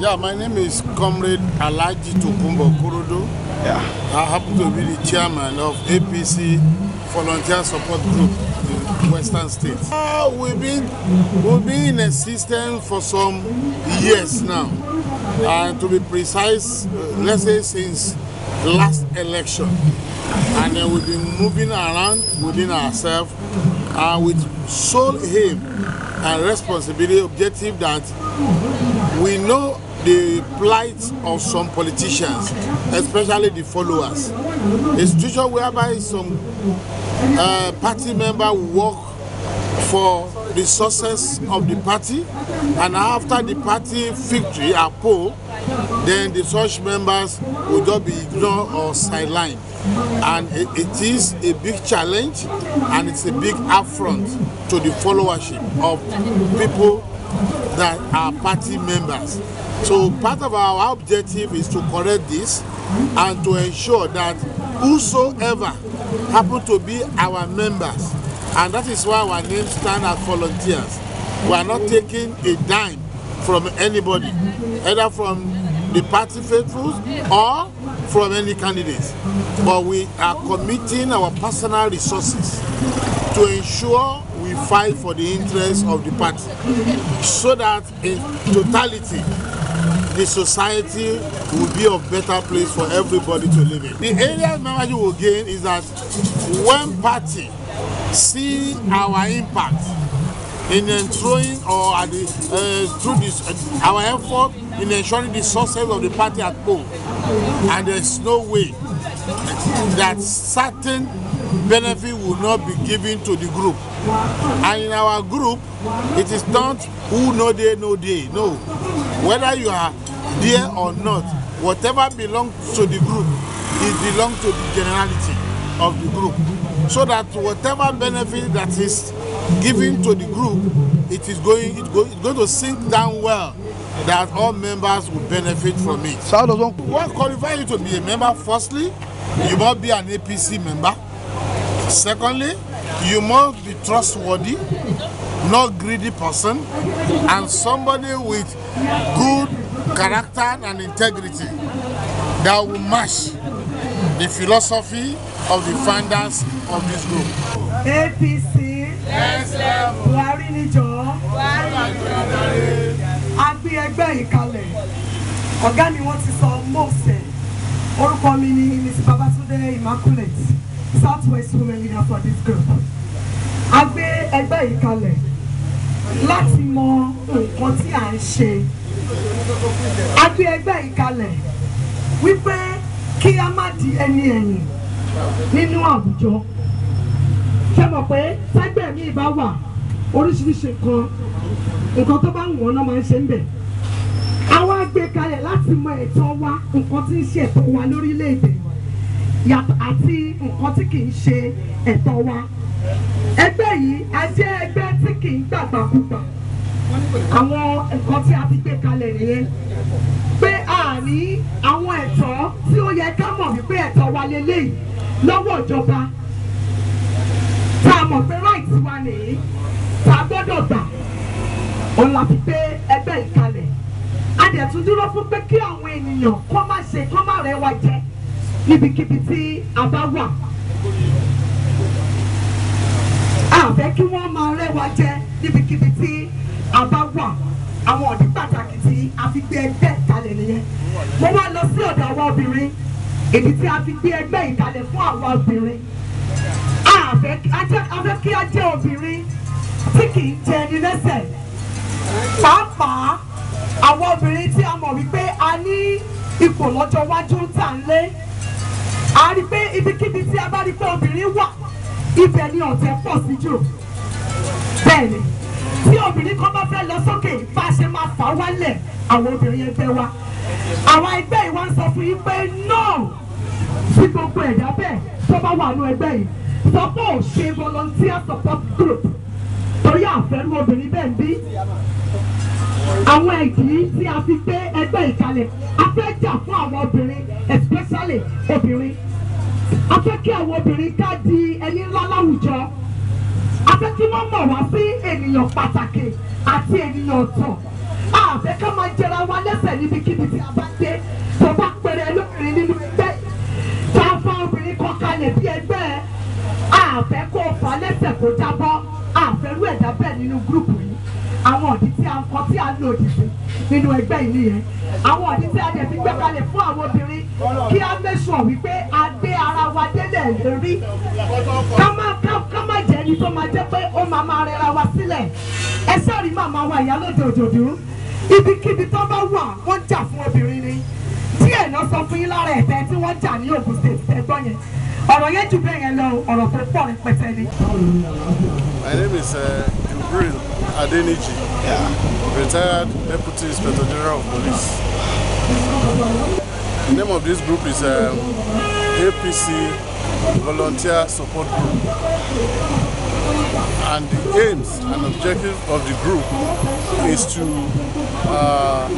Yeah, my name is Comrade Alaji Tokumbo Kurudu. Yeah. I happen to be the chairman of APC Volunteer Support Group in Western State. Uh, we've, been, we've been in existence for some years now. And uh, to be precise, uh, let's say since last election. And then we've been moving around within ourselves uh, with sole aim and responsibility objective that we know the plight of some politicians, especially the followers. A situation whereby some uh, party member work for the success of the party and after the party victory are poor. then the such members will just be ignored or sidelined and it, it is a big challenge and it's a big affront to the followership of people that are party members So part of our objective is to correct this and to ensure that whosoever happen to be our members, and that is why our names stand as volunteers. We are not taking a dime from anybody, either from the party faithfuls or from any candidates. But we are committing our personal resources to ensure we fight for the interests of the party so that in totality the society will be a better place for everybody to live in. The area membership will gain is that when party see our impact in ensuring or at the, uh, through this, uh, our effort in ensuring the success of the party at home, and there's no way that certain benefit will not be given to the group and in our group it is not who no dey no dey no whether you are there or not whatever belongs to the group it belong to the generality of the group so that whatever benefit that is given to the group it is going it go, it's going to sink down well that all members will benefit from it. So how does one? What qualifies you to be a member? Firstly, you must be an APC member. Secondly, you must be trustworthy not greedy person, and somebody with good character and integrity that will match the philosophy of the founders of this group. APC Buhari níjọ agbé ẹgbẹ́ ìkalẹ̀ ọ̀gá mi wọ́n ti sọ mọ́ọ̀sẹ̀ orúkọ mi ni Mrs Babatunde Immaculate Southwest Women Leader for this group agbé ẹgbẹ́ ìkalẹ̀ láti mọ nǹkan tí à ń ṣe a gbé ẹgbẹ́ ìkalẹ̀ wípé kí a má di ẹni ẹ̀yìn nínú àwùjọ ṣe mọ̀ pé sẹ́gbẹ̀ mi bá wà oríṣiríṣi kan nǹkan tó bá ń wọ́n náà máa ń ṣe ń bẹ̀ àwa gbé kalẹ̀ láti mọ ẹ̀tọ́ wa nǹkan tí ń ṣe ẹ̀tọ́ wa lórílẹ̀‐èdè àti nǹkan tí kì í ṣe ẹ̀tọ́ wa ẹgbẹ́ yìí a ẹgbẹ́ kì í gbàgbàkúgbà àwọn ẹ̀kọ́ tí a ti gbé kalẹ̀ nìyẹn pé a ní àwọn ẹ̀tọ́ tí ó yẹ ká mọ̀ wípé ẹ̀tọ́ wa lélẹ́yìí lọ́wọ́ ìjọba tá a mọ̀ pé right wa nìyí tá a gbọ́dọ̀ gbà òun la fi gbé ẹgbẹ́ ìkalẹ̀ a dẹ̀ tún dúró fún pé kí àwọn ènìyàn kó má ṣe kó má rẹwà jẹ níbikíbi tí a bá wà. àfẹ́ kí wọ́n máa rẹwà jẹ níbikíbi tí a bá wà àwọn ọ̀dí pàtàkì tí a fi gbé ẹgbẹ́ ìkàlẹ̀ nìyẹn mo wá lọ sí ọ̀dọ̀ àwọn obìnrin èdè tí a fi gbé ẹgbẹ́ ìkàlẹ̀ fún àwọn obìnrin àfẹ́ kí a jẹ́ obìnrin tí kì í jẹ ẹni lẹ́sẹ̀ pàápàá àwọn obìnrin tí a mọ̀ wípé a ní ipò lọ́jọ́ iwájú ń tà ń lé a rí pé ibikíbi tí a bá rí pé obìnrin wà ibẹ̀ ni ọ̀tẹ̀ pọ̀ sí jù bẹ́ẹ̀ ni tí obìnrin kan bá fẹ́ lọ sókè bá a ṣe máa fà á wálẹ̀ àwọn obìnrin ẹgbẹ́ wa àwọn ẹgbẹ́ yìí wá ń sọ fún yín pé no sí gbogbo ẹ̀dá bẹ́ẹ̀ tó bá wà nù ẹgbẹ́ yìí sọ pé ò ṣe volunteer support group torí àfẹ́rú obìnrin bẹ́ẹ̀ ń bí àwọn ìdí tí a fi gbé ẹgbẹ́ ìkàlẹ̀ a fẹ́ jà fún àwọn obìnrin especially obìnrin a fẹ́ kí àwọn obìnrin ká di ẹni ńlá láwùjọ a fẹ́ kí wọ́n mọ̀ wá sí ènìyàn pàtàkì àti ènìyàn ọ̀tọ̀ a fẹ́ ká máa jẹra wa lẹ́sẹ̀ níbikíbi tí a bá dé tó bá pẹrẹ lóbìnrin nínú ẹgbẹ́ tá a fa obìnrin kan kalẹ̀ bí ẹgbẹ́ a fẹ́ kó o fà lẹ́sẹ̀ kó jábọ́ a fẹ́ rú ẹ̀dá bẹ́ẹ̀ nínú gúrùpù yìí àwọn ọ̀dí tí a ń kọ tí a ń lò òdì sí nínú ẹgbẹ́ ìlú yẹn àwọn ọ̀dí tí a dẹ̀ fi gbé fún àwọn obìnrin kí a mẹ́sùn wípé a sílẹ̀ rí ká má ká má jẹ́ ẹni tó máa jẹ́ pé ó máa máa rẹra wa sílẹ̀ ẹ sẹ́rìí màmá wa ìyálóde òdòdó ibikíbi tó bá wà wọ́n jà fún obìnrin ni díẹ̀ náà sọ fún yín lára ẹ̀fẹ́ tí wọ́n jà ní Ògùn State ẹ̀gbọ́n yẹn ọ̀rọ̀ yẹn jù bẹ́ẹ̀ yẹn lọ ọ̀rọ̀ tó pọ̀ rẹpẹtẹ ni. My name is uh, Jubril Adeniji, yeah. retired Deputy Inspector General of Police. The name of this group is uh, um, APC volunteer support group. And the aims and objectives of the group is to uh,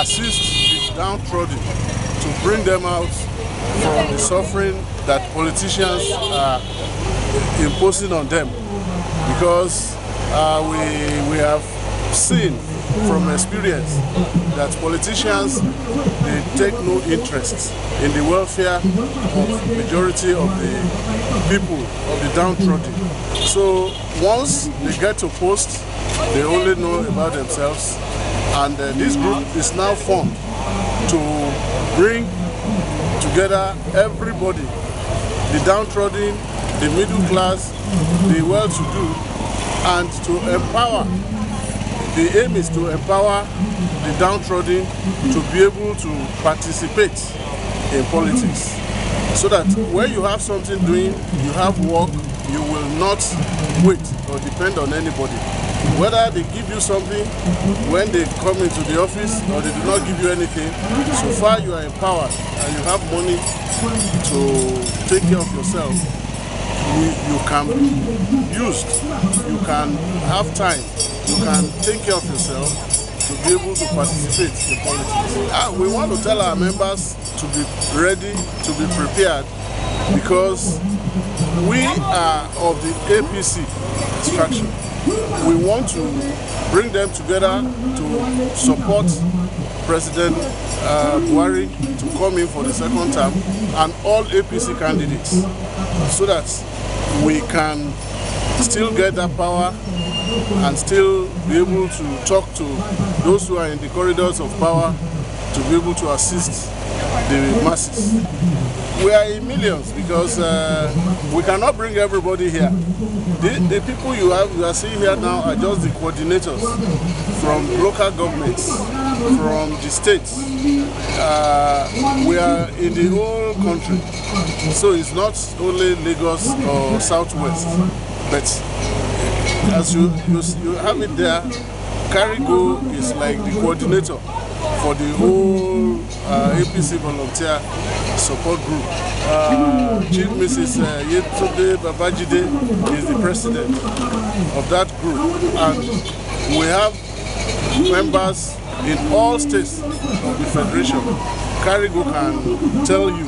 assist the downtrodden to bring them out from the suffering that politicians are imposing on them because uh, we, we have seen from experience that politicians they take no interest in the welfare of majority of the people of the downtrodden. So once they get to post, they only know about themselves, and uh, this group is now formed to bring together everybody, the downtrodden, the middle class, the well-to-do, and to empower the aim is to empower the downtrodden to be able to participate in politics so that when you have something doing, you have work, you will not wait or depend on anybody. Whether they give you something when they come into the office or they do not give you anything, so far you are empowered and you have money to take care of yourself, you, you can be used, you can have time you can take care of yourself to be able to participate in politics. Ah, we want to tell our members to be ready, to be prepared, because we are of the APC structure. We want to bring them together to support President uh, Buhari to come in for the second term and all APC candidates so that we can still get that power and still be able to talk to those who are in the corridors of power to be able to assist the masses. We are in millions because uh, we cannot bring everybody here. The, the people you, have, you are seeing here now are just the coordinators from local governments, from the states. Uh, we are in the whole country. So it's not only Lagos or Southwest, but as you, you, you have it there, Carigo is like the coordinator for the whole uh, APC volunteer support group. Uh, Chief Mrs. Uh, Yetunde Babajide is the president of that group, and we have members in all states of the federation. Carigo can tell you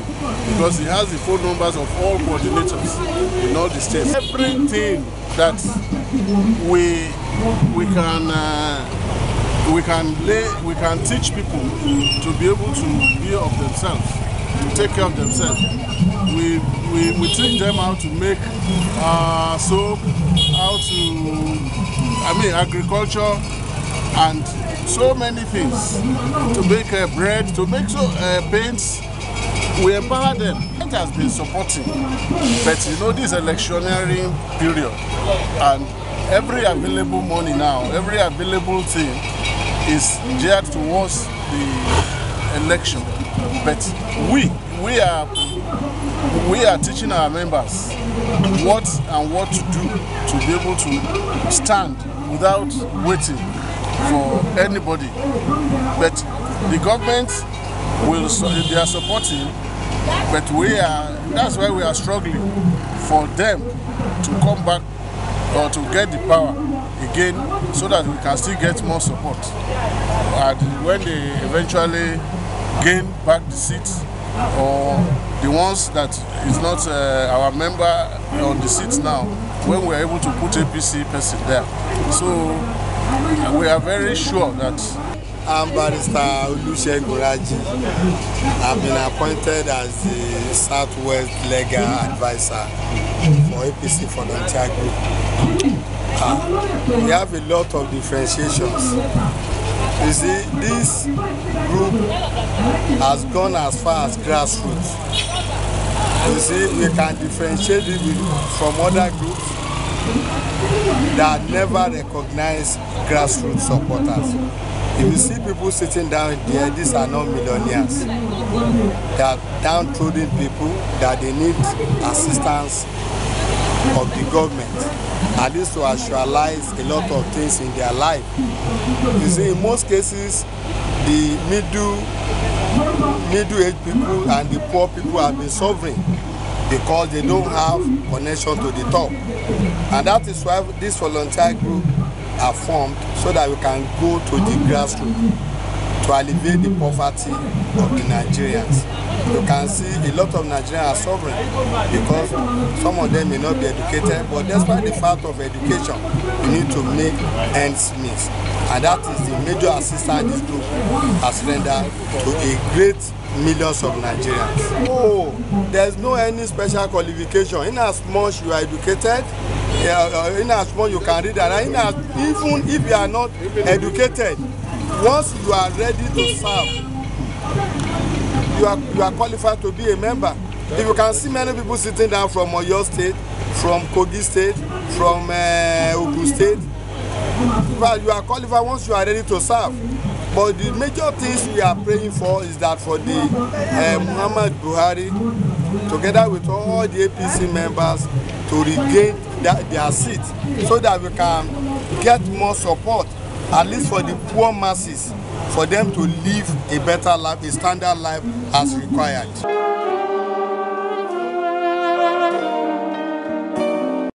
because he has the phone numbers of all coordinators in all the states. Everything that we we can uh, we can lay we can teach people to be able to be of themselves, to take care of themselves. We we, we teach them how to make uh, soap, how to I mean agriculture and so many things to make uh, bread, to make so uh, paints we empower them. It has been supporting, but you know this electionary period and every available money now, every available thing is geared towards the election. But we, we are we are teaching our members what and what to do to be able to stand without waiting for anybody. But the government will, they are supporting But we are, that's why we are struggling for them to come back or to get the power again so that we can still get more support. And when they eventually gain back the seats or the ones that is not uh, our member on the seat now, when we are able to put APC person there. So uh, we are very sure that I'm Barrister Olusegun Raji. I've been appointed as the Southwest Legal Advisor for APC for Nantiago. Uh, ah, we have a lot of differentiations. You see, this group has gone as far as grassroots. You see, we can differentiate it from other groups that never recognize grassroots supporters. If you see people sitting down there, these are not millionaires. They are downtrodden people that they need assistance of the government, at least to actualize a lot of things in their life. You see, in most cases, the middle middle-aged people and the poor people have been suffering because they don't have connection to the top. And that is why this volunteer group are formed so that we can go to the grassroots to alleviate the poverty of the Nigerians. You can see a lot of Nigerians are suffering because some of them may not be educated, but despite the fact of education, we need to make ends meet. And that is the major assistance this group has rendered to a great millions of Nigerians. Oh, there's no any special qualification. In as much you are educated, uh, in as much you can read and in as even if you are not educated once you are ready to serve you are you are qualified to be a member if you can see many people sitting down from Oyo State from Kogi State from uh, Ogun State well you are qualified once you are ready to serve But the major things we are praying for is that for the uh, Muhammad Buhari, together with all the APC members, to regain that, their seat so that we can get more support, at least for the poor masses, for them to live a better life, a standard life as required.